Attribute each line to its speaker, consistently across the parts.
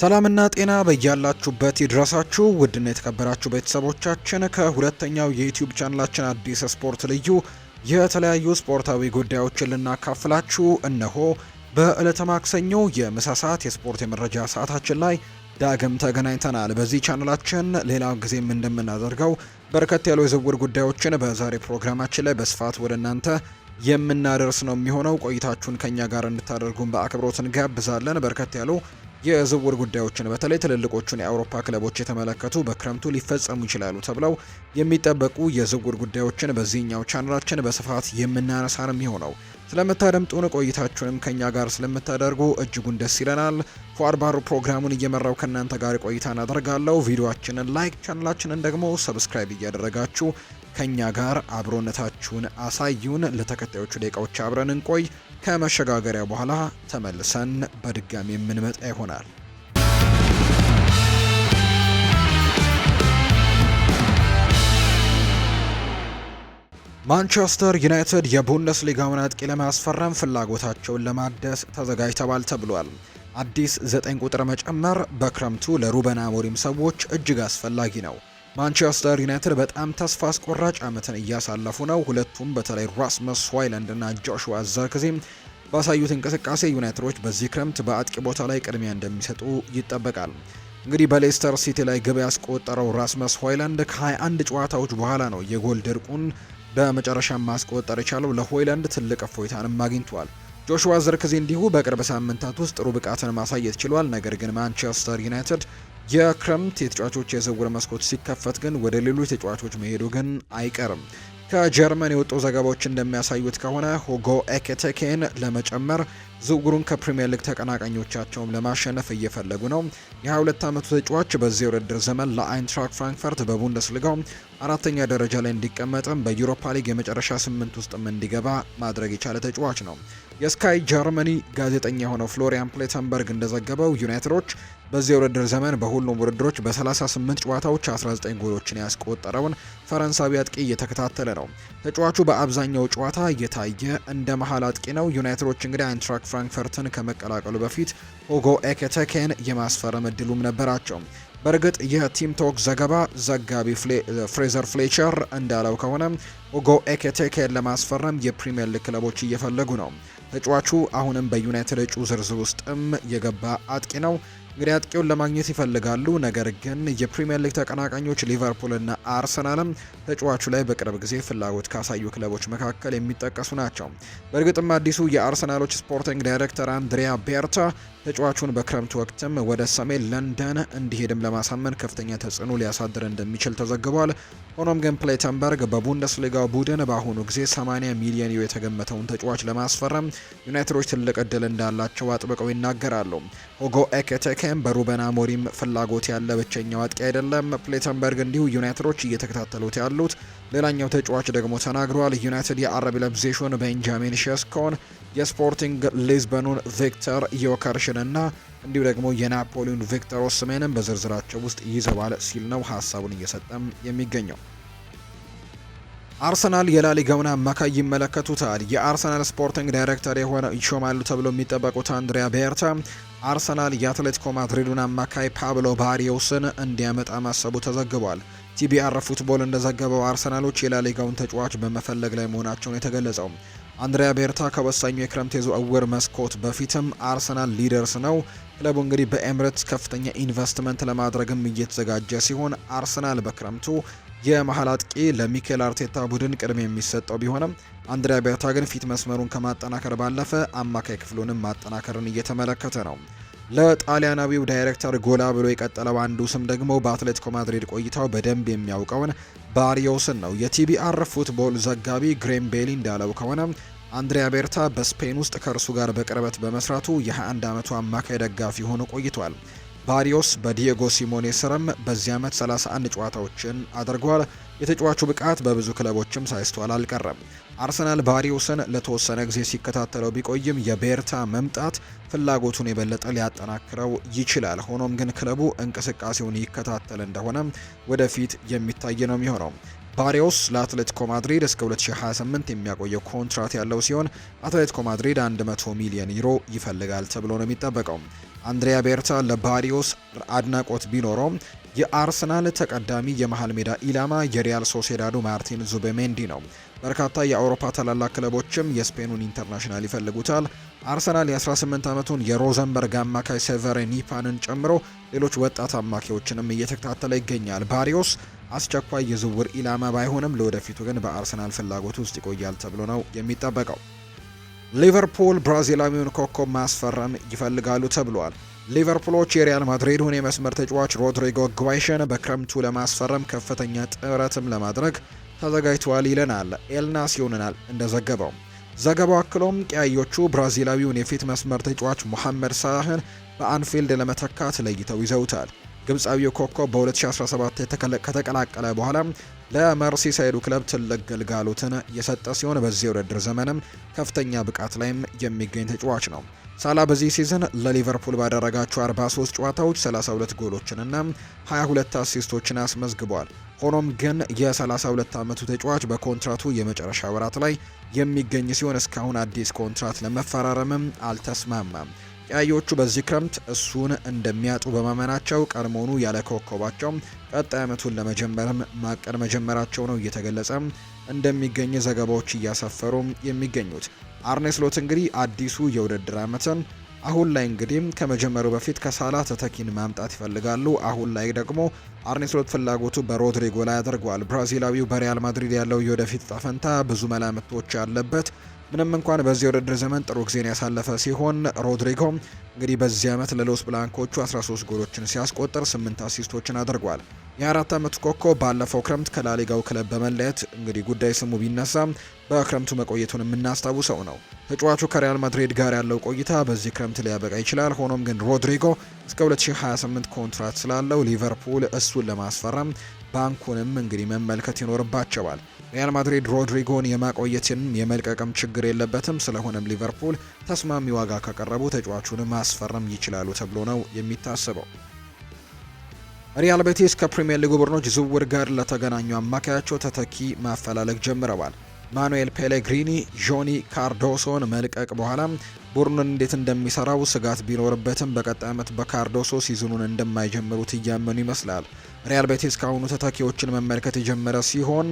Speaker 1: ሰላምና ጤና በያላችሁበት ይድረሳችሁ ውድና የተከበራችሁ ቤተሰቦቻችን፣ ከሁለተኛው የዩትዩብ ቻናላችን አዲስ ስፖርት ልዩ የተለያዩ ስፖርታዊ ጉዳዮችን ልናካፍላችሁ እነሆ በዕለተ ማክሰኞ የምሳ ሰዓት የስፖርት የመረጃ ሰዓታችን ላይ ዳግም ተገናኝተናል። በዚህ ቻናላችን ሌላ ጊዜም እንደምናደርገው በርከት ያሉ የዝውውር ጉዳዮችን በዛሬ ፕሮግራማችን ላይ በስፋት ወደ እናንተ የምናደርስ ነው የሚሆነው። ቆይታችሁን ከኛ ጋር እንድታደርጉን በአክብሮት እንጋብዛለን። በርከት ያሉ የዝውውር ጉዳዮችን በተለይ ትልልቆቹን የአውሮፓ ክለቦች የተመለከቱ በክረምቱ ሊፈጸሙ ይችላሉ ተብለው የሚጠበቁ የዝውውር ጉዳዮችን በዚህኛው ቻናላችን በስፋት የምናነሳ ነው የሚሆነው። ስለምታደምጡን ቆይታችሁንም ከኛ ጋር ስለምታደርጉ እጅጉን ደስ ይለናል። ፏርባሩ ፕሮግራሙን እየመራው ከእናንተ ጋር ቆይታ እናደርጋለሁ። ቪዲዮችንን ላይክ፣ ቻናላችንን ደግሞ ሰብስክራይብ እያደረጋችሁ ከእኛ ጋር አብሮነታችሁን አሳዩን። ለተከታዮቹ ደቂቃዎች አብረን እንቆይ። ከመሸጋገሪያ በኋላ ተመልሰን በድጋሚ የምንመጣ ይሆናል። ማንቸስተር ዩናይትድ የቡንደስሊጋውን አጥቂ ለማስፈረም ፍላጎታቸውን ለማደስ ተዘጋጅተዋል ተብሏል። አዲስ ዘጠኝ ቁጥር መጨመር በክረምቱ ለሩበን አሞሪም ሰዎች እጅግ አስፈላጊ ነው። ማንቸስተር ዩናይትድ በጣም ተስፋ አስቆራጭ ዓመትን እያሳለፉ ነው። ሁለቱም በተለይ ራስመስ ሆይለንድ እና ጆሹዋ ዘርክዚ ባሳዩት እንቅስቃሴ ዩናይትዶች በዚህ ክረምት በአጥቂ ቦታ ላይ ቅድሚያ እንደሚሰጡ ይጠበቃል። እንግዲህ በሌስተር ሲቲ ላይ ግብ ያስቆጠረው ራስመስ ሆይላንድ ከ21 ጨዋታዎች በኋላ ነው የጎል ድርቁን በመጨረሻ ማስቆጠር የቻለው። ለሆይላንድ ትልቅ እፎይታንም አግኝቷል። ጆሹዋ ዘርክዚ እንዲሁ በቅርብ ሳምንታት ውስጥ ጥሩ ብቃትን ማሳየት ችሏል። ነገር ግን ማንቸስተር ዩናይትድ የክረምት የተጫዋቾች የዝውውር መስኮት ሲከፈት ግን ወደ ሌሎች ተጫዋቾች መሄዱ ግን አይቀርም። ከጀርመን የወጡ ዘገባዎች እንደሚያሳዩት ከሆነ ሁጎ ኤኬቴኬን ለመጨመር ዝውውሩን ከፕሪምየር ሊግ ተቀናቃኞቻቸውም ለማሸነፍ እየፈለጉ ነው። የ22 ዓመቱ ተጫዋች በዚህ የውድድር ዘመን ለአይንትራክ ፍራንክፈርት በቡንደስሊጋው አራተኛ ደረጃ ላይ እንዲቀመጥም በዩሮፓ ሊግ የመጨረሻ ስምንት ውስጥም እንዲገባ ማድረግ የቻለ ተጫዋች ነው። የስካይ ጀርመኒ ጋዜጠኛ የሆነው ፍሎሪያን ፕሌተንበርግ እንደዘገበው ዩናይትዶች በዚህ የውድድር ዘመን በሁሉም ውድድሮች በ38 ጨዋታዎች 19 ጎሎችን ያስቆጠረውን ፈረንሳዊ አጥቂ እየተከታተለ ነው። ተጫዋቹ በአብዛኛው ጨዋታ እየታየ እንደ መሃል አጥቂ ነው። ዩናይትዶች እንግዲህ አይንትራክ ፍራንክፈርትን ከመቀላቀሉ በፊት ሆጎ ኤኬቴኬን የማስፈረም እድሉም ነበራቸው። በእርግጥ የቲም ቶክ ዘገባ ዘጋቢ ፍሬዘር ፍሌቸር እንዳለው ከሆነ ሆጎ ኤኬቴኬን ለማስፈረም የፕሪምየር ሊግ ክለቦች እየፈለጉ ነው። ተጫዋቹ አሁንም በዩናይትድ እጩ ዝርዝር ውስጥም የገባ አጥቂ ነው። እንግዲህ አጥቂውን ለማግኘት ይፈልጋሉ። ነገር ግን የፕሪምየር ሊግ ተቀናቃኞች ሊቨርፑልና አርሰናልም ተጫዋቹ ላይ በቅርብ ጊዜ ፍላጎት ካሳዩ ክለቦች መካከል የሚጠቀሱ ናቸው። በእርግጥም አዲሱ የአርሰናሎች ስፖርቲንግ ዳይሬክተር አንድሪያ ቤርታ ተጫዋቹን በክረምት ወቅትም ወደ ሰሜን ለንደን እንዲሄድም ለማሳመን ከፍተኛ ተጽዕኖ ሊያሳድር እንደሚችል ተዘግቧል። ሆኖም ግን ፕሌተንበርግ በቡንደስሊጋው ቡድን በአሁኑ ጊዜ 80 ሚሊዮን ዩሮ የተገመተውን ተጫዋች ለማስፈረም ዩናይትዶች ትልቅ እድል እንዳላቸው አጥብቀው ይናገራሉ። ሆጎ ኤኬቴኬ ቤሊንግሃም በሩበን አሞሪም ፍላጎት ያለ ብቸኛው አጥቂ አይደለም። ፕሌተንበርግ እንዲሁ ዩናይትዶች እየተከታተሉት ያሉት ሌላኛው ተጫዋች ደግሞ ተናግሯል። ዩናይትድ የአረብ ለብዜሽን ቤንጃሚን ሸስኮን የስፖርቲንግ ሊዝበኑን ቪክተር ዮከርሽንና እንዲሁ ደግሞ የናፖሊውን ቪክተር ኦስሜንን በዝርዝራቸው ውስጥ ይዘዋል ሲል ነው ሀሳቡን እየሰጠም የሚገኘው። አርሰናል የላሊጋውን አማካይ ይመለከቱታል። የአርሰናል ስፖርቲንግ ዳይሬክተር የሆነ ይሾማሉ ተብሎ የሚጠበቁት አንድሪያ ቤርታ አርሰናል የአትሌቲኮ ማድሪዱን አማካይ ፓብሎ ባሪዮስን እንዲያመጣ ማሰቡ ተዘግቧል። ቲቢአር ፉትቦል እንደዘገበው አርሰናሎች የላሊጋውን ተጫዋች በመፈለግ ላይ መሆናቸውን የተገለጸው አንድሪያ ቤርታ ከወሳኙ የክረምት የዝውውር መስኮት በፊትም አርሰናል ሊደርስ ነው። ክለቡ እንግዲህ በኤምሬትስ ከፍተኛ ኢንቨስትመንት ለማድረግም እየተዘጋጀ ሲሆን አርሰናል በክረምቱ የመሀል አጥቂ ለሚኬል አርቴታ ቡድን ቅድሚያ የሚሰጠው ቢሆንም አንድሪያ ቤርታ ግን ፊት መስመሩን ከማጠናከር ባለፈ አማካይ ክፍሉንም ማጠናከርን እየተመለከተ ነው። ለጣሊያናዊው ዳይሬክተር ጎላ ብሎ የቀጠለው አንዱ ስም ደግሞ በአትሌቲኮ ማድሪድ ቆይታው በደንብ የሚያውቀውን ባሪዮስን ነው። የቲቢአር ፉትቦል ዘጋቢ ግሬም ቤሊ እንዳለው ከሆነ አንድሪያ ቤርታ በስፔን ውስጥ ከእርሱ ጋር በቅርበት በመስራቱ የ21 ዓመቱ አማካይ ደጋፊ ሆኖ ቆይቷል። ባሪዮስ በዲየጎ ሲሞኔ ስርም በዚህ ዓመት 31 ጨዋታዎችን አድርጓል። የተጫዋቹ ብቃት በብዙ ክለቦችም ሳይስተዋል አልቀረም። አርሰናል ባሪዮስን ለተወሰነ ጊዜ ሲከታተለው ቢቆይም የቤርታ መምጣት ፍላጎቱን የበለጠ ሊያጠናክረው ይችላል። ሆኖም ግን ክለቡ እንቅስቃሴውን ይከታተል እንደሆነ ወደፊት የሚታይ ነው የሚሆነው። ባሪዮስ ለአትሌቲኮ ማድሪድ እስከ 2028 የሚያቆየው ኮንትራት ያለው ሲሆን አትሌቲኮ ማድሪድ 100 ሚሊዮን ዩሮ ይፈልጋል ተብሎ ነው የሚጠበቀው። አንድሪያ ቤርታ ለባሪዮስ አድናቆት ቢኖረውም የአርሰናል ተቀዳሚ የመሃል ሜዳ ኢላማ የሪያል ሶሴዳዱ ማርቲን ዙቤሜንዲ ነው። በርካታ የአውሮፓ ታላላቅ ክለቦችም የስፔኑን ኢንተርናሽናል ይፈልጉታል። አርሰናል የ18 ዓመቱን የሮዘንበርግ አማካይ ሴቨሬ ኒፓንን ጨምሮ ሌሎች ወጣት አማካዮችንም እየተከታተለ ይገኛል። ባሪዮስ አስቸኳይ የዝውውር ኢላማ ባይሆንም ለወደፊቱ ግን በአርሰናል ፍላጎት ውስጥ ይቆያል ተብሎ ነው የሚጠበቀው። ሊቨርፑል ብራዚላዊውን ኮከብ ማስፈረም ይፈልጋሉ ተብሏል። ሊቨርፑሎች የሪያል ማድሪዱን የመስመር ተጫዋች ሮድሪጎ ጓይሽን በክረምቱ ለማስፈረም ከፍተኛ ጥረትም ለማድረግ ተዘጋጅተዋል ይለናል ኤልናስ ይሆንናል እንደዘገበው። ዘገባው አክሎም ቀያዮቹ ብራዚላዊውን የፊት መስመር ተጫዋች ሙሐመድ ሳህን በአንፊልድ ለመተካት ለይተው ይዘውታል። ግብፃዊው ኮኮ በ2017 ከተቀላቀለ በኋላ ለመርሲሳይዱ ክለብ ትልቅ ግልጋሎትን የሰጠ ሲሆን በዚህ የውድድር ዘመንም ከፍተኛ ብቃት ላይም የሚገኝ ተጫዋች ነው። ሳላ በዚህ ሲዝን ለሊቨርፑል ባደረጋቸው 43 ጨዋታዎች 32 ጎሎችንና 22 አሲስቶችን አስመዝግቧል። ሆኖም ግን የ32 ዓመቱ ተጫዋች በኮንትራቱ የመጨረሻ ወራት ላይ የሚገኝ ሲሆን እስካሁን አዲስ ኮንትራት ለመፈራረምም አልተስማማም። ቀያዮቹ በዚህ ክረምት እሱን እንደሚያጡ በማመናቸው ቀድሞኑ ያለ ኮከባቸው ቀጣይ ዓመቱን ለመጀመርም ማቀድ መጀመራቸው ነው እየተገለጸ እንደሚገኝ ዘገባዎች እያሰፈሩ የሚገኙት። አርኔስሎት እንግዲህ አዲሱ የውድድር ዓመትን አሁን ላይ እንግዲህ ከመጀመሩ በፊት ከሳላ ተተኪን ማምጣት ይፈልጋሉ። አሁን ላይ ደግሞ አርኔስሎት ፍላጎቱ በሮድሪጎ ላይ አድርጓል። ብራዚላዊው በሪያል ማድሪድ ያለው የወደፊት ጣፈንታ ብዙ መላምቶች ያለበት ምንም እንኳን በዚህ ውድድር ዘመን ጥሩ ጊዜን ያሳለፈ ሲሆን ሮድሪጎ እንግዲህ በዚህ ዓመት ለሎስ ብላንኮቹ 13 ጎሎችን ሲያስቆጥር 8 አሲስቶችን አድርጓል። የአራት ዓመቱ ኮኮ ባለፈው ክረምት ከላሊጋው ክለብ በመለየት እንግዲህ ጉዳይ ስሙ ቢነሳ በክረምቱ መቆየቱን የምናስታውሰው ነው። ተጫዋቹ ከሪያል ማድሪድ ጋር ያለው ቆይታ በዚህ ክረምት ሊያበቃ ይችላል። ሆኖም ግን ሮድሪጎ እስከ 2028 ኮንትራት ስላለው ሊቨርፑል እሱን ለማስፈረም ባንኩንም እንግዲህ መመልከት ይኖርባቸዋል። ሪያል ማድሪድ ሮድሪጎን የማቆየትን የመልቀቅም ችግር የለበትም። ስለሆነም ሊቨርፑል ተስማሚ ዋጋ ከቀረቡ ተጫዋቹን ማስፈረም ይችላሉ ተብሎ ነው የሚታሰበው። ሪያል ቤቲስ ከፕሪምየር ሊግ ቡድኖች ዝውውር ጋር ለተገናኙ አማካያቸው ተተኪ ማፈላለግ ጀምረዋል። ማኑኤል ፔሌግሪኒ ጆኒ ካርዶሶን መልቀቅ በኋላ ቡድኑን እንዴት እንደሚሰራው ስጋት ቢኖርበትም በቀጣይ ዓመት በካርዶሶ ሲዝኑን እንደማይጀምሩት እያመኑ ይመስላል። ሪያል ቤቲስ ከአሁኑ ተተኪዎችን መመልከት የጀመረ ሲሆን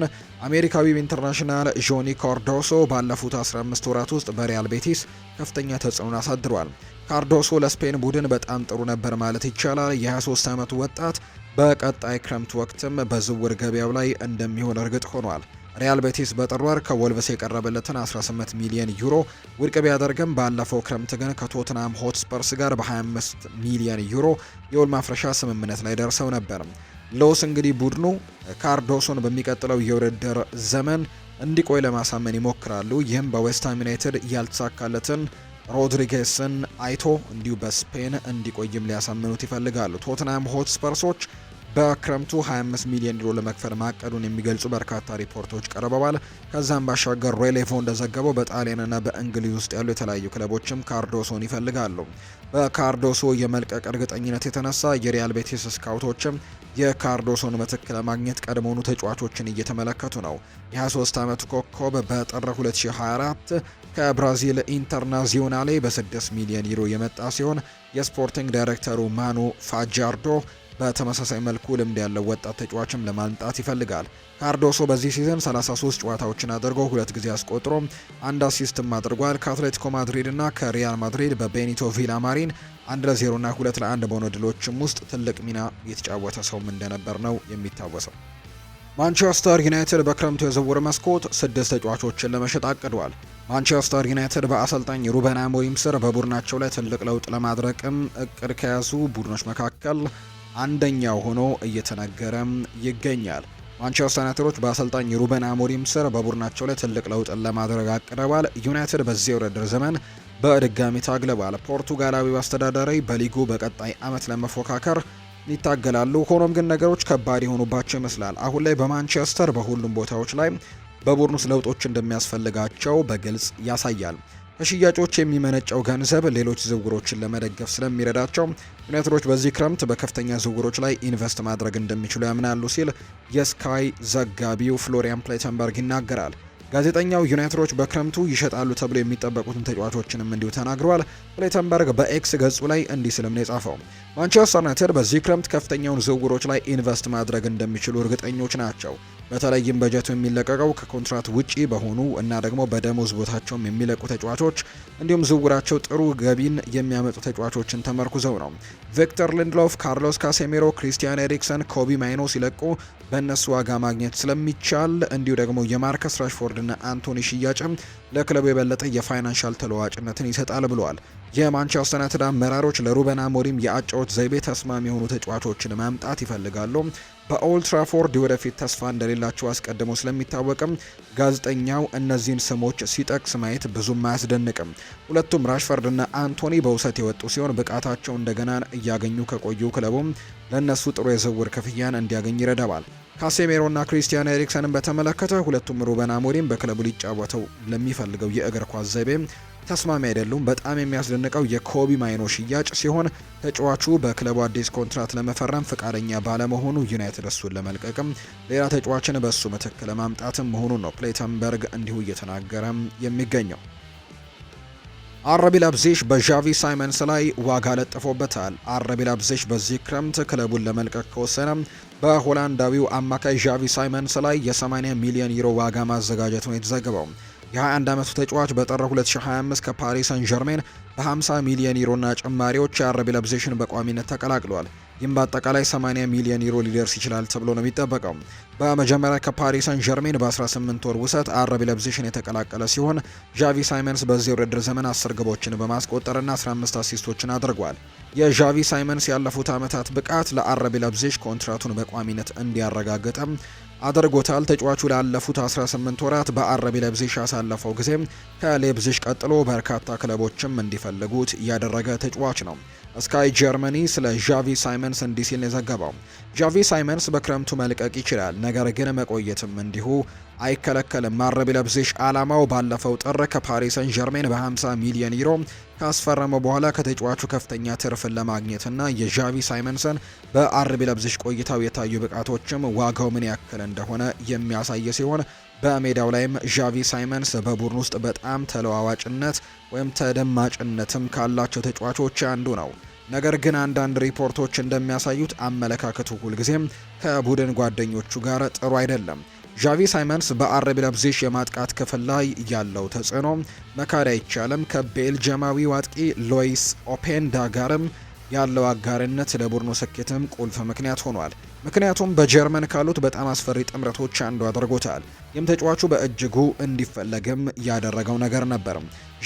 Speaker 1: አሜሪካዊው ኢንተርናሽናል ጆኒ ካርዶሶ ባለፉት 15 ወራት ውስጥ በሪያል ቤቲስ ከፍተኛ ተጽዕኖን አሳድሯል። ካርዶሶ ለስፔን ቡድን በጣም ጥሩ ነበር ማለት ይቻላል። የ23 ዓመቱ ወጣት በቀጣይ ክረምት ወቅትም በዝውውር ገበያው ላይ እንደሚሆን እርግጥ ሆኗል። ሪያል ቤቲስ በጥር ወር ከወልቭስ የቀረበለትን 18 ሚሊዮን ዩሮ ውድቅ ቢያደርግም ባለፈው ክረምት ግን ከቶትናም ሆትስፐርስ ጋር በ25 ሚሊዮን ዩሮ የውል ማፍረሻ ስምምነት ላይ ደርሰው ነበር። ሎስ እንግዲህ ቡድኑ ካርዶሶን በሚቀጥለው የውድድር ዘመን እንዲቆይ ለማሳመን ይሞክራሉ። ይህም በዌስትሃም ዩናይትድ ያልተሳካለትን ሮድሪጌስን አይቶ እንዲሁ በስፔን እንዲቆይም ሊያሳምኑት ይፈልጋሉ። ቶትናም ሆትስፐርሶች በክረምቱ 25 ሚሊዮን ዩሮ ለመክፈል ማቀዱን የሚገልጹ በርካታ ሪፖርቶች ቀርበዋል። ከዛም ባሻገር ሬሌቮ እንደዘገበው በጣሊያንና በእንግሊዝ ውስጥ ያሉ የተለያዩ ክለቦችም ካርዶሶን ይፈልጋሉ። በካርዶሶ የመልቀቅ እርግጠኝነት የተነሳ የሪያል ቤቲስ ስካውቶችም የካርዶሶን ምትክ ለማግኘት ቀድሞውኑ ተጫዋቾችን እየተመለከቱ ነው። የ23 ዓመቱ ኮከብ በጥር 2024 ከብራዚል ኢንተርናዚዮናሌ በ6 ሚሊዮን ዩሮ የመጣ ሲሆን የስፖርቲንግ ዳይሬክተሩ ማኑ ፋጃርዶ በተመሳሳይ መልኩ ልምድ ያለው ወጣት ተጫዋችም ለማምጣት ይፈልጋል። ካርዶሶ በዚህ ሲዝን 33 ጨዋታዎችን አድርጎ ሁለት ጊዜ አስቆጥሮ አንድ አሲስትም አድርጓል። ከአትሌቲኮ ማድሪድ እና ከሪያል ማድሪድ በቤኒቶ ቪላ ማሪን 1 ለ0 እና 2 ለ በሆነ ድሎችም ውስጥ ትልቅ ሚና የተጫወተ ሰውም እንደነበር ነው የሚታወሰው። ማንቸስተር ዩናይትድ በክረምቱ የዝውውር መስኮት ስድስት ተጫዋቾችን ለመሸጥ አቅዷል። ማንቸስተር ዩናይትድ በአሰልጣኝ ሩበን አሞሪም ስር በቡድናቸው ላይ ትልቅ ለውጥ ለማድረቅም እቅድ ከያዙ ቡድኖች መካከል አንደኛው ሆኖ እየተነገረም ይገኛል። ማንቸስተር ዩናይትዶች በአሰልጣኝ ሩበን አሞሪም ስር በቡድናቸው ላይ ትልቅ ለውጥን ለማድረግ አቅደዋል። ዩናይትድ በዚህ ውድድር ዘመን በድጋሚ ታግለዋል። ፖርቱጋላዊው አስተዳዳሪ በሊጉ በቀጣይ ዓመት ለመፎካከር ይታገላሉ። ሆኖም ግን ነገሮች ከባድ የሆኑባቸው ይመስላል። አሁን ላይ በማንቸስተር በሁሉም ቦታዎች ላይ በቡድን ውስጥ ለውጦች እንደሚያስፈልጋቸው በግልጽ ያሳያል። ከሽያጮች የሚመነጨው ገንዘብ ሌሎች ዝውውሮችን ለመደገፍ ስለሚረዳቸው ዩናይትዶች በዚህ ክረምት በከፍተኛ ዝውውሮች ላይ ኢንቨስት ማድረግ እንደሚችሉ ያምናሉ ሲል የስካይ ዘጋቢው ፍሎሪያን ፕሌተንበርግ ይናገራል። ጋዜጠኛው ዩናይትዶች በክረምቱ ይሸጣሉ ተብሎ የሚጠበቁትን ተጫዋቾችንም እንዲሁ ተናግረዋል። ፕሌተንበርግ በኤክስ ገጹ ላይ እንዲህ ስልም ነው የጻፈው። ማንቸስተር ዩናይትድ በዚህ ክረምት ከፍተኛውን ዝውውሮች ላይ ኢንቨስት ማድረግ እንደሚችሉ እርግጠኞች ናቸው። በተለይም በጀቱ የሚለቀቀው ከኮንትራት ውጪ በሆኑ እና ደግሞ በደሞዝ ቦታቸውም የሚለቁ ተጫዋቾች እንዲሁም ዝውውራቸው ጥሩ ገቢን የሚያመጡ ተጫዋቾችን ተመርኩዘው ነው። ቪክተር ሊንድሎፍ፣ ካርሎስ ካሴሜሮ፣ ክሪስቲያን ኤሪክሰን፣ ኮቢ ማይኖ ሲለቁ በእነሱ ዋጋ ማግኘት ስለሚቻል እንዲሁ ደግሞ የማርከስ ራሽፎርድ ራሽፎርድና አንቶኒ ሽያጭም ለክለቡ የበለጠ የፋይናንሻል ተለዋጭነትን ይሰጣል ብለዋል። የማንቸስተር ዩናይትድ አመራሮች ለሩበን አሞሪም የአጨዋወት ዘይቤ ተስማሚ የሆኑ ተጫዋቾችን ማምጣት ይፈልጋሉ። በኦልትራፎርድ ወደፊት ተስፋ እንደሌላቸው አስቀድሞ ስለሚታወቅም ጋዜጠኛው እነዚህን ስሞች ሲጠቅስ ማየት ብዙም አያስደንቅም። ሁለቱም ራሽፈርድና አንቶኒ በውሰት የወጡ ሲሆን ብቃታቸው እንደገና እያገኙ ከቆዩ ክለቡም ለእነሱ ጥሩ የዝውውር ክፍያን እንዲያገኝ ይረዳዋል። ካሴሜሮና ክሪስቲያን ኤሪክሰንን በተመለከተ ሁለቱም ሩበን አሞሪም በክለቡ ሊጫወተው ለሚፈልገው የእግር ኳስ ዘይቤ ተስማሚ አይደሉም። በጣም የሚያስደንቀው የኮቢ ማይኖ ሽያጭ ሲሆን ተጫዋቹ በክለቡ አዲስ ኮንትራት ለመፈረም ፈቃደኛ ባለመሆኑ ዩናይትድ እሱን ለመልቀቅም ሌላ ተጫዋችን በሱ ምትክ ለማምጣትም መሆኑን ነው ፕሌተንበርግ እንዲሁ እየተናገረም የሚገኘው። አረቢ ላይፕዚግ በዣቪ ሳይመንስ ላይ ዋጋ ለጥፎበታል። አረቢ ላይፕዚግ በዚህ ክረምት ክለቡን ለመልቀቅ ከወሰነ በሆላንዳዊው አማካይ ዣቪ ሳይመንስ ላይ የ80 ሚሊዮን ዩሮ ዋጋ ማዘጋጀት የተዘገበው። የ21 ዓመቱ ተጫዋች በጠረ 2025 ከፓሪስ ሰን ጀርሜን በ50 ሚሊዮን ዩሮና ጭማሪዎች የአረቢ ላይፕዚግን በቋሚነት ተቀላቅሏል። ይህም በአጠቃላይ 80 ሚሊዮን ዩሮ ሊደርስ ይችላል ተብሎ ነው የሚጠበቀው። በመጀመሪያ ከፓሪስ ሳን ዠርሜን በ18 ወር ውሰት አረብ ለብዚሽን የተቀላቀለ ሲሆን ዣቪ ሳይመንስ በዚህ ውድድር ዘመን 10 ግቦችን በማስቆጠርና 15 አሲስቶችን አድርጓል። የዣቪ ሳይመንስ ያለፉት ዓመታት ብቃት ለአረብ ለብዚሽ ኮንትራቱን በቋሚነት እንዲያረጋግጥም አድርጎታል። ተጫዋቹ ላለፉት 18 ወራት በአረብ ለብዚሽ ያሳለፈው ጊዜ ከሌብዚሽ ቀጥሎ በርካታ ክለቦችም እንዲፈልጉት ያደረገ ተጫዋች ነው። ስካይ ጀርመኒ ስለ ዣቪ ሳይመንስ እንዲህ ሲል የዘገበው። ዣቪ ሳይመንስ በክረምቱ መልቀቅ ይችላል፣ ነገር ግን መቆየትም እንዲሁ አይከለከልም። ማረቢ ለብዚሽ ዓላማው ባለፈው ጥር ከፓሪስ ጀርሜን በ50 ሚሊዮን ዩሮ ካስፈረመው በኋላ ከተጫዋቹ ከፍተኛ ትርፍን ለማግኘትና የዣቪ ሳይመንሰን በአርቢ ለብዚሽ ቆይታው የታዩ ብቃቶችም ዋጋው ምን ያክል እንደሆነ የሚያሳይ ሲሆን በሜዳው ላይም ዣቪ ሳይመንስ በቡድን ውስጥ በጣም ተለዋዋጭነት ወይም ተደማጭነትም ካላቸው ተጫዋቾች አንዱ ነው። ነገር ግን አንዳንድ ሪፖርቶች እንደሚያሳዩት አመለካከቱ ሁልጊዜም ከቡድን ጓደኞቹ ጋር ጥሩ አይደለም። ዣቪ ሳይመንስ በአረቢ ለብዚሽ የማጥቃት ክፍል ላይ ያለው ተጽዕኖ መካድ አይቻልም። ከቤልጅየማዊው አጥቂ ሎይስ ኦፔንዳ ጋርም ያለው አጋርነት ለቡድኑ ስኬትም ቁልፍ ምክንያት ሆኗል። ምክንያቱም በጀርመን ካሉት በጣም አስፈሪ ጥምረቶች አንዱ አድርጎታል። ይህም ተጫዋቹ በእጅጉ እንዲፈለግም ያደረገው ነገር ነበር።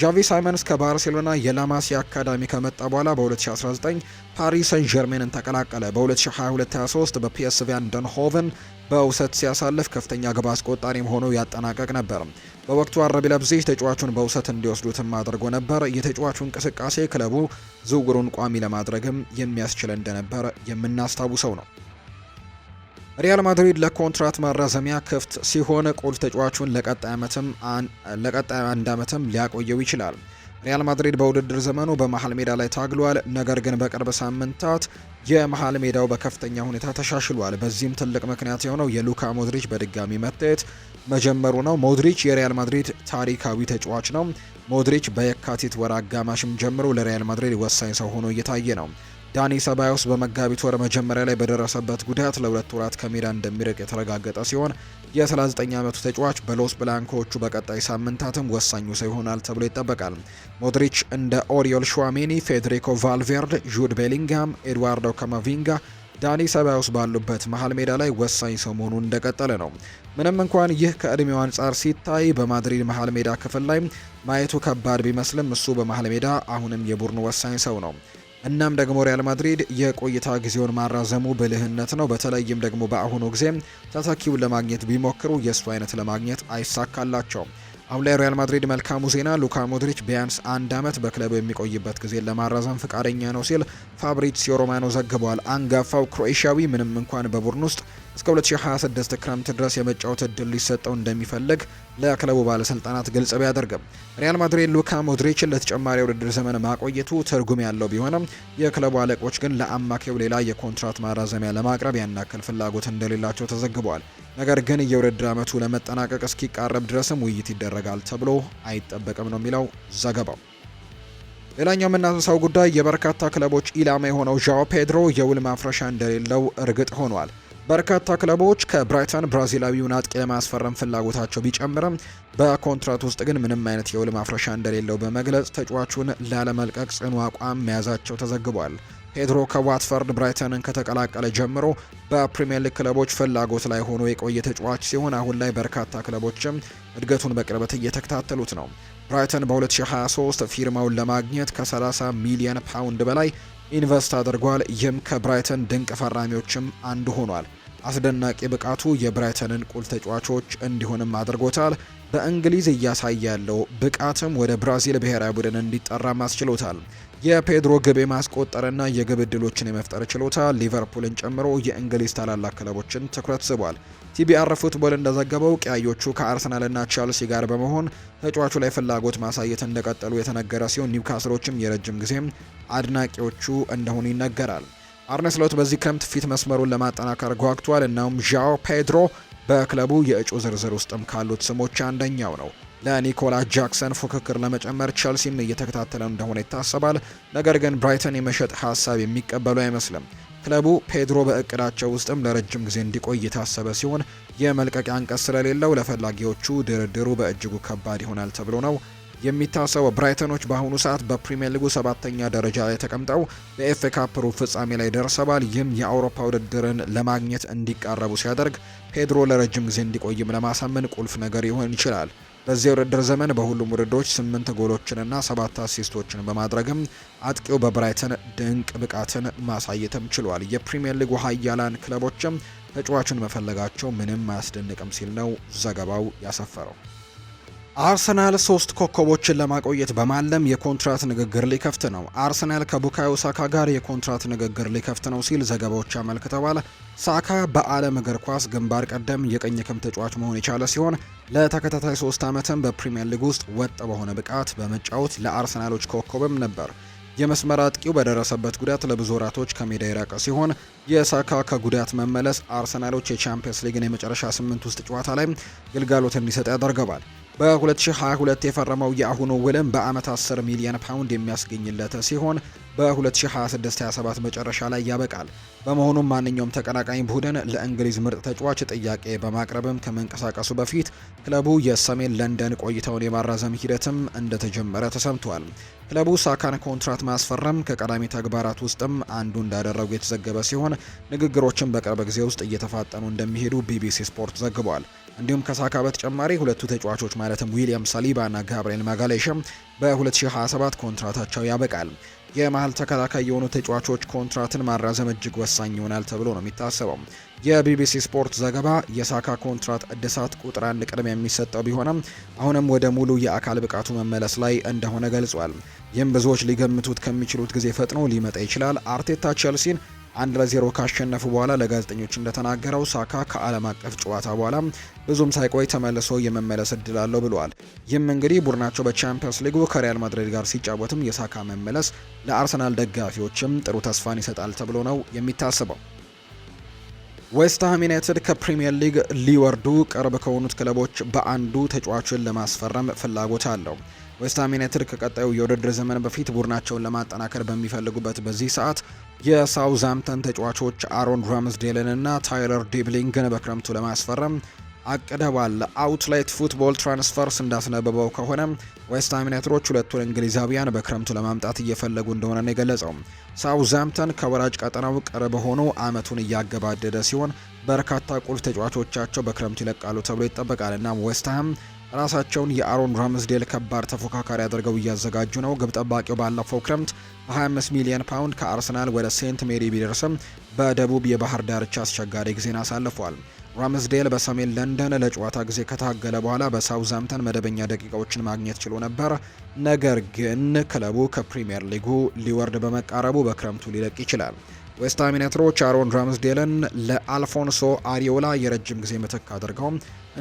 Speaker 1: ዣቪ ሳይመንስ ከባርሴሎና የላማሲያ አካዳሚ ከመጣ በኋላ በ2019 ፓሪስ ሰን ጀርሜንን ተቀላቀለ። በ2022/23 በፒኤስቪ አንደንሆቨን በውሰት ሲያሳልፍ ከፍተኛ ግብ አስቆጣሪም ሆኖ ያጠናቀቅ ነበር። በወቅቱ አረቢ ለብዜህ ተጫዋቹን በውሰት እንዲወስዱትም አድርጎ ነበር። የተጫዋቹ እንቅስቃሴ ክለቡ ዝውውሩን ቋሚ ለማድረግም የሚያስችል እንደነበር የምናስታውሰው ነው። ሪያል ማድሪድ ለኮንትራት ማራዘሚያ ክፍት ሲሆን ቁልፍ ተጫዋቹን ለቀጣይ አንድ ዓመትም ሊያቆየው ይችላል። ሪያል ማድሪድ በውድድር ዘመኑ በመሀል ሜዳ ላይ ታግሏል። ነገር ግን በቅርብ ሳምንታት የመሀል ሜዳው በከፍተኛ ሁኔታ ተሻሽሏል። በዚህም ትልቅ ምክንያት የሆነው የሉካ ሞድሪች በድጋሚ መታየት መጀመሩ ነው። ሞድሪች የሪያል ማድሪድ ታሪካዊ ተጫዋች ነው። ሞድሪች በየካቲት ወር አጋማሽም ጀምሮ ለሪያል ማድሪድ ወሳኝ ሰው ሆኖ እየታየ ነው። ዳኒ ሰባዮስ በመጋቢት ወር መጀመሪያ ላይ በደረሰበት ጉዳት ለሁለት ወራት ከሜዳ እንደሚርቅ የተረጋገጠ ሲሆን የ39 ዓመቱ ተጫዋች በሎስ ብላንኮዎቹ በቀጣይ ሳምንታትም ወሳኙ ሰው ይሆናል ተብሎ ይጠበቃል። ሞድሪች እንደ ኦሪዮል ሹዋሜኒ፣ ፌዴሪኮ ቫልቬርድ፣ ጁድ ቤሊንግሃም፣ ኤድዋርዶ ካማቪንጋ ዳኒ ሰባዮስ ባሉበት መሀል ሜዳ ላይ ወሳኝ ሰው መሆኑ እንደቀጠለ ነው። ምንም እንኳን ይህ ከእድሜው አንጻር ሲታይ በማድሪድ መሀል ሜዳ ክፍል ላይ ማየቱ ከባድ ቢመስልም እሱ በመሀል ሜዳ አሁንም የቡድኑ ወሳኝ ሰው ነው። እናም ደግሞ ሪያል ማድሪድ የቆይታ ጊዜውን ማራዘሙ ብልህነት ነው። በተለይም ደግሞ በአሁኑ ጊዜ ተተኪውን ለማግኘት ቢሞክሩ የእሱ አይነት ለማግኘት አይሳካላቸውም። አሁን ላይ ሪያል ማድሪድ መልካሙ ዜና ሉካ ሞድሪች ቢያንስ አንድ ዓመት በክለቡ የሚቆይበት ጊዜን ለማራዘም ፈቃደኛ ነው ሲል ፋብሪዚዮ ሮማኖ ዘግቧል። አንጋፋው ክሮኤሽያዊ ምንም እንኳን በቡድን ውስጥ እስከ 2026 ክረምት ድረስ የመጫወት እድል ሊሰጠው እንደሚፈልግ ለክለቡ ባለስልጣናት ግልጽ ቢያደርግም ሪያል ማድሪድ ሉካ ሞድሪችን ለተጨማሪ የውድድር ዘመን ማቆየቱ ትርጉም ያለው ቢሆንም የክለቡ አለቆች ግን ለአማካዩ ሌላ የኮንትራት ማራዘሚያ ለማቅረብ ያናክል ፍላጎት እንደሌላቸው ተዘግቧል። ነገር ግን የውድድር ዓመቱ ለመጠናቀቅ እስኪቃረብ ድረስም ውይይት ይደረጋል ተብሎ አይጠበቅም ነው የሚለው ዘገባው። ሌላኛው የምናነሳው ጉዳይ የበርካታ ክለቦች ኢላማ የሆነው ዣኦ ፔድሮ የውል ማፍረሻ እንደሌለው እርግጥ ሆኗል። በርካታ ክለቦች ከብራይተን ብራዚላዊውን አጥቂ ለማስፈረም ፍላጎታቸው ቢጨምርም በኮንትራት ውስጥ ግን ምንም አይነት የውል ማፍረሻ እንደሌለው በመግለጽ ተጫዋቹን ላለመልቀቅ ጽኑ አቋም መያዛቸው ተዘግቧል። ፔድሮ ከዋትፈርድ ብራይተንን ከተቀላቀለ ጀምሮ በፕሪምየር ሊግ ክለቦች ፍላጎት ላይ ሆኖ የቆየ ተጫዋች ሲሆን አሁን ላይ በርካታ ክለቦችም እድገቱን በቅርበት እየተከታተሉት ነው። ብራይተን በ2023 ፊርማውን ለማግኘት ከ30 ሚሊዮን ፓውንድ በላይ ኢንቨስት አድርጓል። ይህም ከብራይተን ድንቅ ፈራሚዎችም አንዱ ሆኗል። አስደናቂ ብቃቱ የብራይተንን ቁል ተጫዋቾች እንዲሆንም አድርጎታል። በእንግሊዝ እያሳየ ያለው ብቃትም ወደ ብራዚል ብሔራዊ ቡድን እንዲጠራ ማስችሎታል። የፔድሮ ግብ የማስቆጠርና የግብ ዕድሎችን የመፍጠር ችሎታ ሊቨርፑልን ጨምሮ የእንግሊዝ ታላላቅ ክለቦችን ትኩረት ስቧል። ቲቢአር ፉትቦል እንደዘገበው ቀያዮቹ ከአርሰናልና ቻልሲ ጋር በመሆን ተጫዋቹ ላይ ፍላጎት ማሳየት እንደቀጠሉ የተነገረ ሲሆን ኒውካስሎችም የረጅም ጊዜም አድናቂዎቹ እንደሆኑ ይነገራል። አርነስሎት በዚህ ክረምት ፊት መስመሩን ለማጠናከር ጓግቷል። እናውም ዣኦ ፔድሮ በክለቡ የእጩ ዝርዝር ውስጥም ካሉት ስሞች አንደኛው ነው። ለኒኮላስ ጃክሰን ፉክክር ለመጨመር ቸልሲም እየተከታተለ እንደሆነ ይታሰባል። ነገር ግን ብራይተን የመሸጥ ሀሳብ የሚቀበሉ አይመስልም። ክለቡ ፔድሮ በእቅዳቸው ውስጥም ለረጅም ጊዜ እንዲቆይ የታሰበ ሲሆን የመልቀቂያ አንቀጽ ስለሌለው ለፈላጊዎቹ ድርድሩ በእጅጉ ከባድ ይሆናል ተብሎ ነው የሚታሰበው ብራይተኖች በአሁኑ ሰዓት በፕሪምየር ሊጉ ሰባተኛ ደረጃ ላይ ተቀምጠው በኤፍ ኤ ካፕ ሩብ ፍጻሜ ላይ ደርሰዋል። ይህም የአውሮፓ ውድድርን ለማግኘት እንዲቃረቡ ሲያደርግ፣ ፔድሮ ለረጅም ጊዜ እንዲቆይም ለማሳመን ቁልፍ ነገር ይሆን ይችላል። በዚህ ውድድር ዘመን በሁሉም ውድድሮች ስምንት ጎሎችንና ሰባት አሲስቶችን በማድረግም አጥቂው በብራይተን ድንቅ ብቃትን ማሳየትም ችሏል። የፕሪምየር ሊጉ ሀያላን ክለቦችም ተጫዋቹን መፈለጋቸው ምንም አያስደንቅም ሲል ነው ዘገባው ያሰፈረው። አርሰናል ሶስት ኮከቦችን ለማቆየት በማለም የኮንትራት ንግግር ሊከፍት ነው። አርሰናል ከቡካዮ ሳካ ጋር የኮንትራት ንግግር ሊከፍት ነው ሲል ዘገባዎች አመልክተዋል። ሳካ በዓለም እግር ኳስ ግንባር ቀደም የቀኝ ክንፍ ተጫዋች መሆን የቻለ ሲሆን ለተከታታይ ሶስት ዓመትም በፕሪምየር ሊግ ውስጥ ወጥ በሆነ ብቃት በመጫወት ለአርሰናሎች ኮከብም ነበር። የመስመር አጥቂው በደረሰበት ጉዳት ለብዙ ወራቶች ከሜዳ የራቀ ሲሆን የሳካ ከጉዳት መመለስ አርሰናሎች የቻምፒየንስ ሊግን የመጨረሻ ስምንት ውስጥ ጨዋታ ላይ ግልጋሎት እንዲሰጥ ያደርገዋል። በ2022 የፈረመው የአሁኑ ውልም በአመት 10 ሚሊዮን ፓውንድ የሚያስገኝለት ሲሆን በ2026/27 መጨረሻ ላይ ያበቃል። በመሆኑም ማንኛውም ተቀናቃኝ ቡድን ለእንግሊዝ ምርጥ ተጫዋች ጥያቄ በማቅረብም ከመንቀሳቀሱ በፊት ክለቡ የሰሜን ለንደን ቆይታውን የማራዘም ሂደትም እንደተጀመረ ተሰምቷል። ክለቡ ሳካን ኮንትራት ማስፈረም ከቀዳሚ ተግባራት ውስጥም አንዱ እንዳደረጉ የተዘገበ ሲሆን ንግግሮችን በቅርብ ጊዜ ውስጥ እየተፋጠኑ እንደሚሄዱ ቢቢሲ ስፖርት ዘግቧል። እንዲሁም ከሳካ በተጨማሪ ሁለቱ ተጫዋቾች ማለትም ዊሊያም ሳሊባ እና ጋብርኤል ማጋሌሽም በ2027 ኮንትራታቸው ያበቃል። የመሀል ተከላካይ የሆኑ ተጫዋቾች ኮንትራትን ማራዘም እጅግ ወሳኝ ይሆናል ተብሎ ነው የሚታሰበው። የቢቢሲ ስፖርት ዘገባ የሳካ ኮንትራት እድሳት ቁጥር አንድ ቅድሚያ የሚሰጠው ቢሆንም አሁንም ወደ ሙሉ የአካል ብቃቱ መመለስ ላይ እንደሆነ ገልጿል። ይህም ብዙዎች ሊገምቱት ከሚችሉት ጊዜ ፈጥኖ ሊመጣ ይችላል። አርቴታ ቼልሲን አንድ ለዜሮ ካሸነፉ በኋላ ለጋዜጠኞች እንደተናገረው ሳካ ከዓለም አቀፍ ጨዋታ በኋላ ብዙም ሳይቆይ ተመልሶ የመመለስ እድል አለው ብለዋል። ይህም እንግዲህ ቡድናቸው በቻምፒየንስ ሊጉ ከሪያል ማድሪድ ጋር ሲጫወትም የሳካ መመለስ ለአርሰናል ደጋፊዎችም ጥሩ ተስፋን ይሰጣል ተብሎ ነው የሚታስበው። ዌስትሃም ዩናይትድ ከፕሪምየር ሊግ ሊወርዱ ቅርብ ከሆኑት ክለቦች በአንዱ ተጫዋቹን ለማስፈረም ፍላጎት አለው። ዌስትሃም ዩናይትድ ከቀጣዩ የውድድር ዘመን በፊት ቡድናቸውን ለማጠናከር በሚፈልጉበት በዚህ ሰዓት የሳውዝሃምፕተን ተጫዋቾች አሮን ራምስዴልንና ታይለር ዲብሊንግን በክረምቱ ለማስፈረም አቅደዋል። አውትሌት ፉትቦል ትራንስፈርስ እንዳስነበበው ከሆነ ዌስትሃም ዩናይትዶች ሁለቱን እንግሊዛውያን በክረምቱ ለማምጣት እየፈለጉ እንደሆነ ነው የገለጸው። ሳውዝሃምፕተን ከወራጅ ቀጠናው ቅርብ ሆኖ አመቱን እያገባደደ ሲሆን በርካታ ቁልፍ ተጫዋቾቻቸው በክረምቱ ይለቃሉ ተብሎ ይጠበቃል። እናም ዌስትሃም ራሳቸውን የአሮን ራምስዴል ከባድ ተፎካካሪ አድርገው እያዘጋጁ ነው። ግብ ጠባቂው ባለፈው ክረምት በ25 ሚሊዮን ፓውንድ ከአርሰናል ወደ ሴንት ሜሪ ቢደርስም በደቡብ የባህር ዳርቻ አስቸጋሪ ጊዜን አሳልፏል። ራምስዴል በሰሜን ለንደን ለጨዋታ ጊዜ ከታገለ በኋላ በሳውዛምተን መደበኛ ደቂቃዎችን ማግኘት ችሎ ነበር። ነገር ግን ክለቡ ከፕሪምየር ሊጉ ሊወርድ በመቃረቡ በክረምቱ ሊለቅ ይችላል። ዌስትሃም ዩናይትዶች አሮን ራምስዴልን ለአልፎንሶ አሪዮላ የረጅም ጊዜ ምትክ አድርገው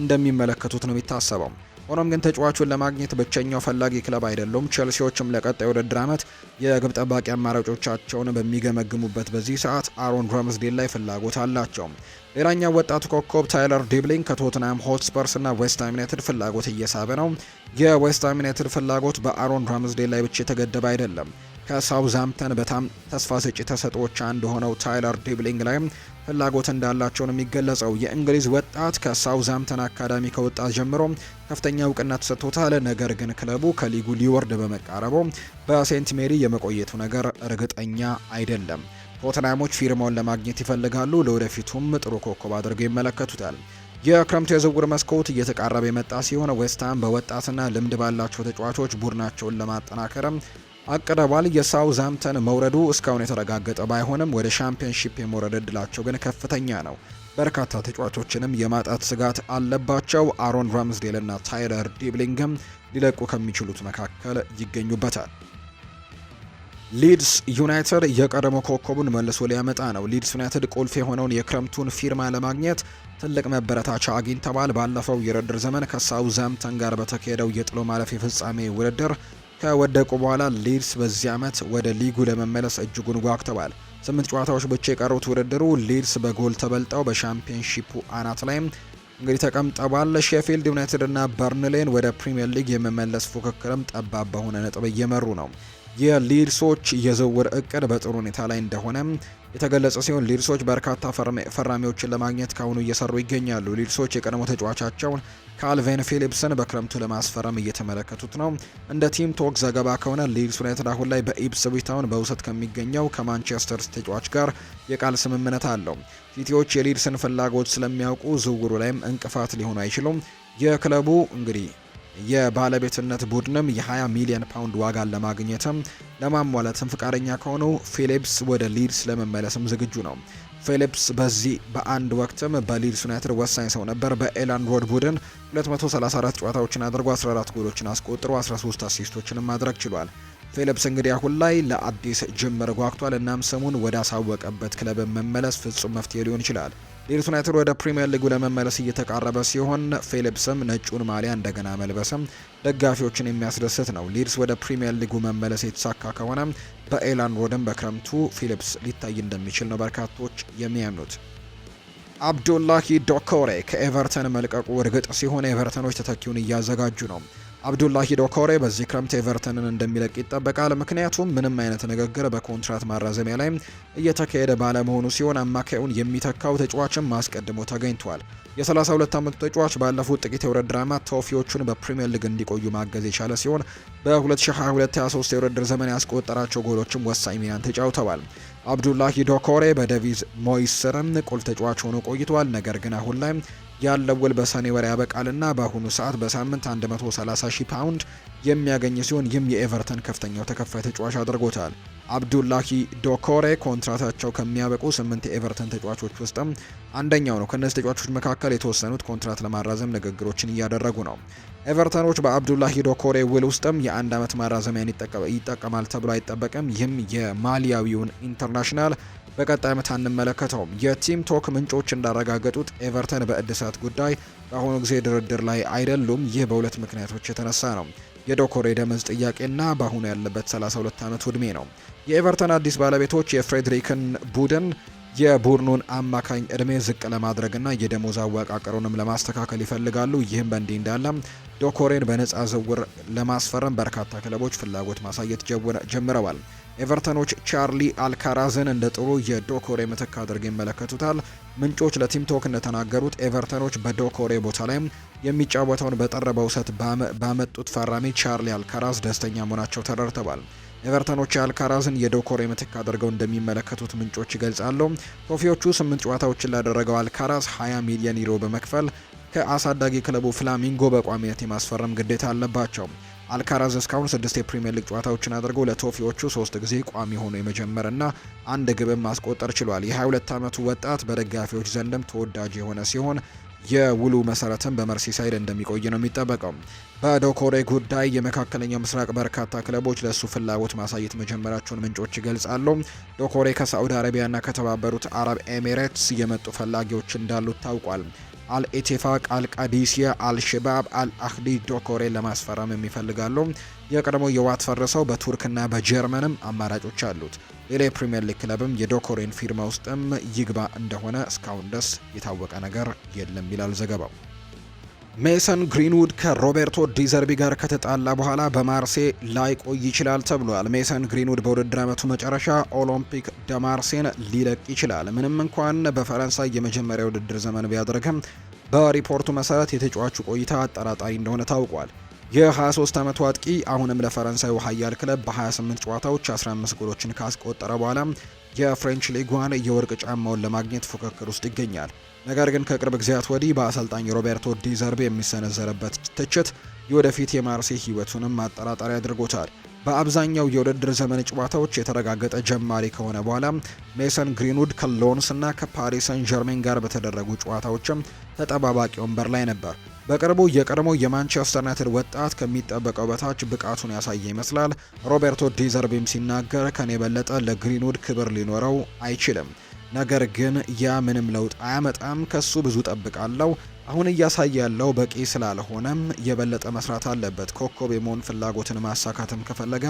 Speaker 1: እንደሚመለከቱት ነው የሚታሰበው። ሆኖም ግን ተጫዋቹን ለማግኘት ብቸኛው ፈላጊ ክለብ አይደሉም። ቼልሲዎችም ለቀጣይ ውድድር ዓመት የግብ ጠባቂ አማራጮቻቸውን በሚገመግሙበት በዚህ ሰዓት አሮን ራምስዴል ላይ ፍላጎት አላቸው። ሌላኛው ወጣቱ ኮከብ ታይለር ዲብሊን ከቶትናም ሆትስፐርስ እና ዌስትሃም ዩናይትድ ፍላጎት እየሳበ ነው። የዌስትሃም ዩናይትድ ፍላጎት በአሮን ራምስዴል ላይ ብቻ የተገደበ አይደለም። ከሳውዝሃምፕተን በጣም ተስፋ ሰጪ ተሰጥኦች አንዱ ሆነው ታይለር ዲብሊንግ ላይ ፍላጎት እንዳላቸው ነው የሚገለጸው። የእንግሊዝ ወጣት ከሳውዝሃምፕተን አካዳሚ ከወጣ ጀምሮ ከፍተኛ እውቅና ተሰጥቶታል። ነገር ግን ክለቡ ከሊጉ ሊወርድ በመቃረቡ በሴንት ሜሪ የመቆየቱ ነገር እርግጠኛ አይደለም። ቶተናሞች ፊርማውን ለማግኘት ይፈልጋሉ። ለወደፊቱም ጥሩ ኮከብ አድርገው ይመለከቱታል። የክረምቱ የዝውውር መስኮት እየተቃረበ የመጣ ሲሆን ዌስትሃም በወጣትና ልምድ ባላቸው ተጫዋቾች ቡድናቸውን ለማጠናከርም አቅደዋል። የሳውዝሃምተን መውረዱ እስካሁን የተረጋገጠ ባይሆንም ወደ ሻምፒዮንሺፕ የመውረድ እድላቸው ግን ከፍተኛ ነው። በርካታ ተጫዋቾችንም የማጣት ስጋት አለባቸው። አሮን ራምስዴልና ታይለር ዲብሊንግም ሊለቁ ከሚችሉት መካከል ይገኙበታል። ሊድስ ዩናይትድ የቀድሞ ኮከቡን መልሶ ሊያመጣ ነው። ሊድስ ዩናይትድ ቁልፍ የሆነውን የክረምቱን ፊርማ ለማግኘት ትልቅ መበረታቻ አግኝተዋል። ባለፈው የውድድር ዘመን ከሳውዛምተን ጋር በተካሄደው የጥሎ ማለፍ የፍጻሜ ውድድር ከወደቁ በኋላ ሊድስ በዚህ ዓመት ወደ ሊጉ ለመመለስ እጅጉን ጓጉተዋል። ስምንት ጨዋታዎች ብቻ የቀሩት ውድድሩ ሊድስ በጎል ተበልጠው በሻምፒዮንሺፑ አናት ላይም እንግዲህ ተቀምጠዋል። ሼፊልድ ዩናይትድ እና በርንሌን ወደ ፕሪምየር ሊግ የመመለስ ፉክክርም ጠባብ በሆነ ነጥብ እየመሩ ነው። የሊድሶች የዝውውር እቅድ በጥሩ ሁኔታ ላይ እንደሆነ የተገለጸ ሲሆን ሊድሶች በርካታ ፈራሚዎችን ለማግኘት ካሁኑ እየሰሩ ይገኛሉ። ሊድሶች የቀድሞ ተጫዋቻቸውን ካልቬን ፊሊፕስን በክረምቱ ለማስፈረም እየተመለከቱት ነው። እንደ ቲም ቶክ ዘገባ ከሆነ ሊድስ ዩናይትድ አሁን ላይ በኢፕስዊች ታውን በውሰት ከሚገኘው ከማንቸስተር ተጫዋች ጋር የቃል ስምምነት አለው። ሲቲዎች የሊድስን ፍላጎት ስለሚያውቁ ዝውውሩ ላይም እንቅፋት ሊሆኑ አይችሉም። የክለቡ እንግዲህ የባለቤትነት ቡድንም የ20 ሚሊዮን ፓውንድ ዋጋን ለማግኘትም ለማሟላትም ፍቃደኛ ከሆኑ ፊሊፕስ ወደ ሊድስ ለመመለስም ዝግጁ ነው። ፊሊፕስ በዚህ በአንድ ወቅትም በሊድስ ዩናይትድ ወሳኝ ሰው ነበር። በኤላንድ ሮድ ቡድን 234 ጨዋታዎችን አድርጎ 14 ጎሎችን አስቆጥሮ 13 አሲስቶችንም ማድረግ ችሏል። ፊሊፕስ እንግዲህ አሁን ላይ ለአዲስ ጅምር ጓግቷል። እናም ስሙን ወዳሳወቀበት ክለብ መመለስ ፍጹም መፍትሄ ሊሆን ይችላል። ሌድስ ዩናይትድ ወደ ፕሪምየር ሊጉ ለመመለስ እየተቃረበ ሲሆን ፊሊፕስም ነጩን ማሊያ እንደገና መልበስም ደጋፊዎችን የሚያስደስት ነው። ሊድስ ወደ ፕሪምየር ሊጉ መመለስ የተሳካ ከሆነ በኤላን ሮድን በክረምቱ ፊሊፕስ ሊታይ እንደሚችል ነው በርካቶች የሚያምኑት። አብዱላኪ ዶኮሬ ከኤቨርተን መልቀቁ እርግጥ ሲሆን ኤቨርተኖች ተተኪውን እያዘጋጁ ነው። አብዱላሂ ዶኮሬ በዚህ ክረምት ኤቨርተንን እንደሚለቅ ይጠበቃል። ምክንያቱም ምንም አይነት ንግግር በኮንትራት ማራዘሚያ ላይ እየተካሄደ ባለመሆኑ ሲሆን አማካዩን የሚተካው ተጫዋችም ማስቀድሞ ተገኝቷል። የ32 ዓመቱ ተጫዋች ባለፉት ጥቂት የውድድር ዓመታት ተወፊዎቹን በፕሪምየር ሊግ እንዲቆዩ ማገዝ የቻለ ሲሆን በ2022/23 የውድድር ዘመን ያስቆጠራቸው ጎሎችም ወሳኝ ሚናን ተጫውተዋል። አብዱላሂ ዶኮሬ በዴቪስ ሞይስ ስርም ቁልፍ ተጫዋች ሆኖ ቆይቷል። ነገር ግን አሁን ላይ ያለው ውል በሰኔ ወር ያበቃልና በአሁኑ ሰዓት በሳምንት 130 ሺህ ፓውንድ የሚያገኝ ሲሆን ይህም የኤቨርተን ከፍተኛው ተከፋይ ተጫዋች አድርጎታል። አብዱላሂ ዶኮሬ ኮንትራታቸው ከሚያበቁ ስምንት የኤቨርተን ተጫዋቾች ውስጥም አንደኛው ነው። ከእነዚህ ተጫዋቾች መካከል የተወሰኑት ኮንትራት ለማራዘም ንግግሮችን እያደረጉ ነው። ኤቨርተኖች በአብዱላሂ ዶኮሬ ውል ውስጥም የአንድ ዓመት ማራዘሚያን ይጠቀማል ተብሎ አይጠበቅም። ይህም የማሊያዊውን ኢንተርናሽናል በቀጣይ ዓመት አንመለከተውም። የቲም ቶክ ምንጮች እንዳረጋገጡት ኤቨርተን በእድሳት ጉዳይ በአሁኑ ጊዜ ድርድር ላይ አይደሉም። ይህ በሁለት ምክንያቶች የተነሳ ነው። የዶኮሬ ደመዝ ጥያቄና በአሁኑ ያለበት 32 ዓመት ዕድሜ ነው። የኤቨርተን አዲስ ባለቤቶች የፍሬድሪክን ቡድን የቡድኑን አማካኝ ዕድሜ ዝቅ ለማድረግና የደሞዝ አወቃቀሩንም ለማስተካከል ይፈልጋሉ። ይህም በእንዲህ እንዳለ ዶኮሬን በነፃ ዝውውር ለማስፈረም በርካታ ክለቦች ፍላጎት ማሳየት ጀምረዋል። ኤቨርተኖች ቻርሊ አልካራዝን እንደ ጥሩ የዶኮሬ ምትክ አድርገው ይመለከቱታል። ምንጮች ለቲም ቶክ እንደተናገሩት ኤቨርተኖች በዶኮሬ ቦታ ላይ የሚጫወተውን በጠረበ ውሰት ባመጡት ፈራሚ ቻርሊ አልካራዝ ደስተኛ መሆናቸው ተረድተዋል። ኤቨርተኖች የአልካራዝን የዶኮሬ ምትክ አድርገው እንደሚመለከቱት ምንጮች ይገልጻሉ። ቶፊዎቹ ስምንት ጨዋታዎችን ላደረገው አልካራዝ 20 ሚሊዮን ዩሮ በመክፈል ከአሳዳጊ ክለቡ ፍላሚንጎ በቋሚነት የማስፈረም ግዴታ አለባቸው። አልካራዝ እስካሁን ስድስት የፕሪምየር ሊግ ጨዋታዎችን አድርጎ ለቶፊዎቹ ሶስት ጊዜ ቋሚ ሆኖ የመጀመርና አንድ ግብም ማስቆጠር ችሏል። የ22 ዓመቱ ወጣት በደጋፊዎች ዘንድም ተወዳጅ የሆነ ሲሆን የውሉ መሰረትም በመርሲሳይድ እንደሚቆይ ነው የሚጠበቀው። በዶኮሬ ጉዳይ የመካከለኛው ምስራቅ በርካታ ክለቦች ለእሱ ፍላጎት ማሳየት መጀመራቸውን ምንጮች ይገልጻሉ። ዶኮሬ ከሳዑዲ አረቢያና ከተባበሩት አረብ ኤሚሬትስ የመጡ ፈላጊዎች እንዳሉት ታውቋል። አልኢቲፋቅ፣ አልቃዲሲያ፣ አልሽባብ፣ አልአህዲ ዶኮሬ ለማስፈረም የሚፈልጋሉ። የቀድሞ የዋትፈር ሰው በቱርክና በጀርመንም አማራጮች አሉት። ሌላ የፕሪምየር ሊግ ክለብም የዶኮሬን ፊርማ ውስጥም ይግባ እንደሆነ እስካሁን ድረስ የታወቀ ነገር የለም ይላል ዘገባው። ሜሰን ግሪንውድ ከሮቤርቶ ዲዘርቢ ጋር ከተጣላ በኋላ በማርሴ ላይቆይ ይችላል ተብሏል። ሜሰን ግሪንውድ በውድድር ዓመቱ መጨረሻ ኦሎምፒክ ማርሴን ሊለቅ ይችላል። ምንም እንኳን በፈረንሳይ የመጀመሪያ ውድድር ዘመን ቢያደርግም በሪፖርቱ መሰረት የተጫዋቹ ቆይታ አጠራጣሪ እንደሆነ ታውቋል። የ23 ዓመቱ አጥቂ አሁንም ለፈረንሳይ ኃያል ክለብ በ28 ጨዋታዎች 15 ጎሎችን ካስቆጠረ በኋላ የፍሬንች ሊጓን የወርቅ ጫማውን ለማግኘት ፉክክር ውስጥ ይገኛል። ነገር ግን ከቅርብ ጊዜያት ወዲህ በአሰልጣኝ ሮቤርቶ ዲዘርቤ የሚሰነዘረበት ትችት የወደፊት የማርሴ ህይወቱንም ማጠራጠሪያ አድርጎታል። በአብዛኛው የውድድር ዘመን ጨዋታዎች የተረጋገጠ ጀማሪ ከሆነ በኋላ ሜሰን ግሪንውድ ከሎንስ እና ከፓሪስ ሰን ጀርሜን ጋር በተደረጉ ጨዋታዎችም ተጠባባቂ ወንበር ላይ ነበር። በቅርቡ የቀድሞው የማንቸስተር ዩናይትድ ወጣት ከሚጠበቀው በታች ብቃቱን ያሳየ ይመስላል። ሮቤርቶ ዲዘርቢም ሲናገር ከኔ የበለጠ ለግሪንውድ ክብር ሊኖረው አይችልም። ነገር ግን ያ ምንም ለውጥ አያመጣም። ከሱ ብዙ ጠብቃለው። አሁን እያሳየ ያለው በቂ ስላልሆነም የበለጠ መስራት አለበት። ኮከብ የመሆን ፍላጎትን ማሳካትም ከፈለገ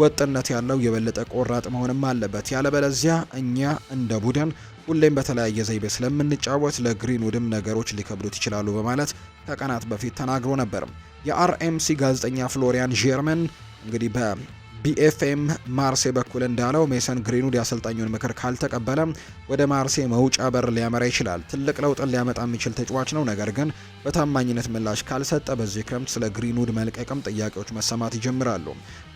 Speaker 1: ወጥነት ያለው የበለጠ ቆራጥ መሆንም አለበት። ያለበለዚያ እኛ እንደ ቡድን ሁሌም በተለያየ ዘይቤ ስለምንጫወት ለግሪንውድም ነገሮች ሊከብዱት ይችላሉ በማለት ከቀናት በፊት ተናግሮ ነበር። የአርኤምሲ ጋዜጠኛ ፍሎሪያን ጀርመን እንግዲህ በ ቢኤፍኤም ማርሴ በኩል እንዳለው ሜሰን ግሪንውድ የአሰልጣኙን ምክር ካልተቀበለ ወደ ማርሴ መውጫ በር ሊያመራ ይችላል። ትልቅ ለውጥን ሊያመጣ የሚችል ተጫዋች ነው። ነገር ግን በታማኝነት ምላሽ ካልሰጠ በዚህ ክረምት ስለ ግሪንውድ መልቀቅም ጥያቄዎች መሰማት ይጀምራሉ።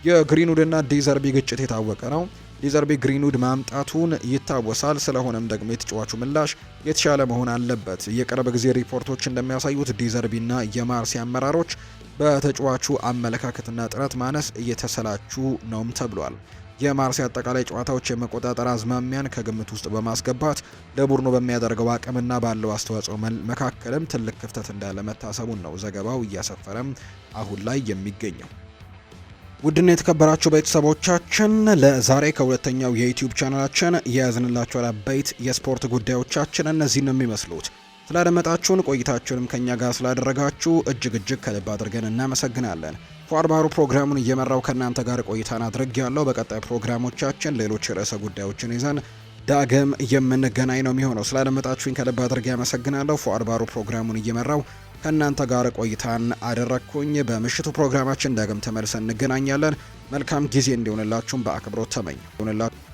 Speaker 1: የግሪንውድና ዲዘርቢ ግጭት የታወቀ ነው። ዲዘርቢ ግሪንውድ ማምጣቱን ይታወሳል። ስለሆነም ደግሞ የተጫዋቹ ምላሽ የተሻለ መሆን አለበት። የቅርብ ጊዜ ሪፖርቶች እንደሚያሳዩት ዲዘርቢና የማርሴ አመራሮች በተጫዋቹ አመለካከትና ጥረት ማነስ እየተሰላቹ ነውም ተብሏል። የማርሴ አጠቃላይ ጨዋታዎች የመቆጣጠር አዝማሚያን ከግምት ውስጥ በማስገባት ለቡድኑ በሚያደርገው አቅምና ባለው አስተዋጽኦ መካከልም ትልቅ ክፍተት እንዳለ መታሰቡን ነው ዘገባው እያሰፈረም አሁን ላይ የሚገኘው። ውድና የተከበራችሁ ቤተሰቦቻችን ለዛሬ ከሁለተኛው የዩትዩብ ቻናላችን የያዝንላችሁ አበይት የስፖርት ጉዳዮቻችን እነዚህ ነው የሚመስሉት። ስላደመጣችሁን ቆይታችሁንም ከኛ ጋር ስላደረጋችሁ እጅግ እጅግ ከልብ አድርገን እናመሰግናለን። ፏርባሩ ፕሮግራሙን እየመራው ከእናንተ ጋር ቆይታን አድርግ ያለው በቀጣይ ፕሮግራሞቻችን ሌሎች ርዕሰ ጉዳዮችን ይዘን ዳግም የምንገናኝ ነው የሚሆነው። ስላደመጣችሁኝ ከልብ አድርጌ ያመሰግናለሁ። ፏርባሩ ፕሮግራሙን እየመራው ከእናንተ ጋር ቆይታን አደረግኩኝ። በምሽቱ ፕሮግራማችን ዳግም ተመልሰን እንገናኛለን። መልካም ጊዜ እንዲሆንላችሁም በአክብሮት ተመኝ ሆንላችሁ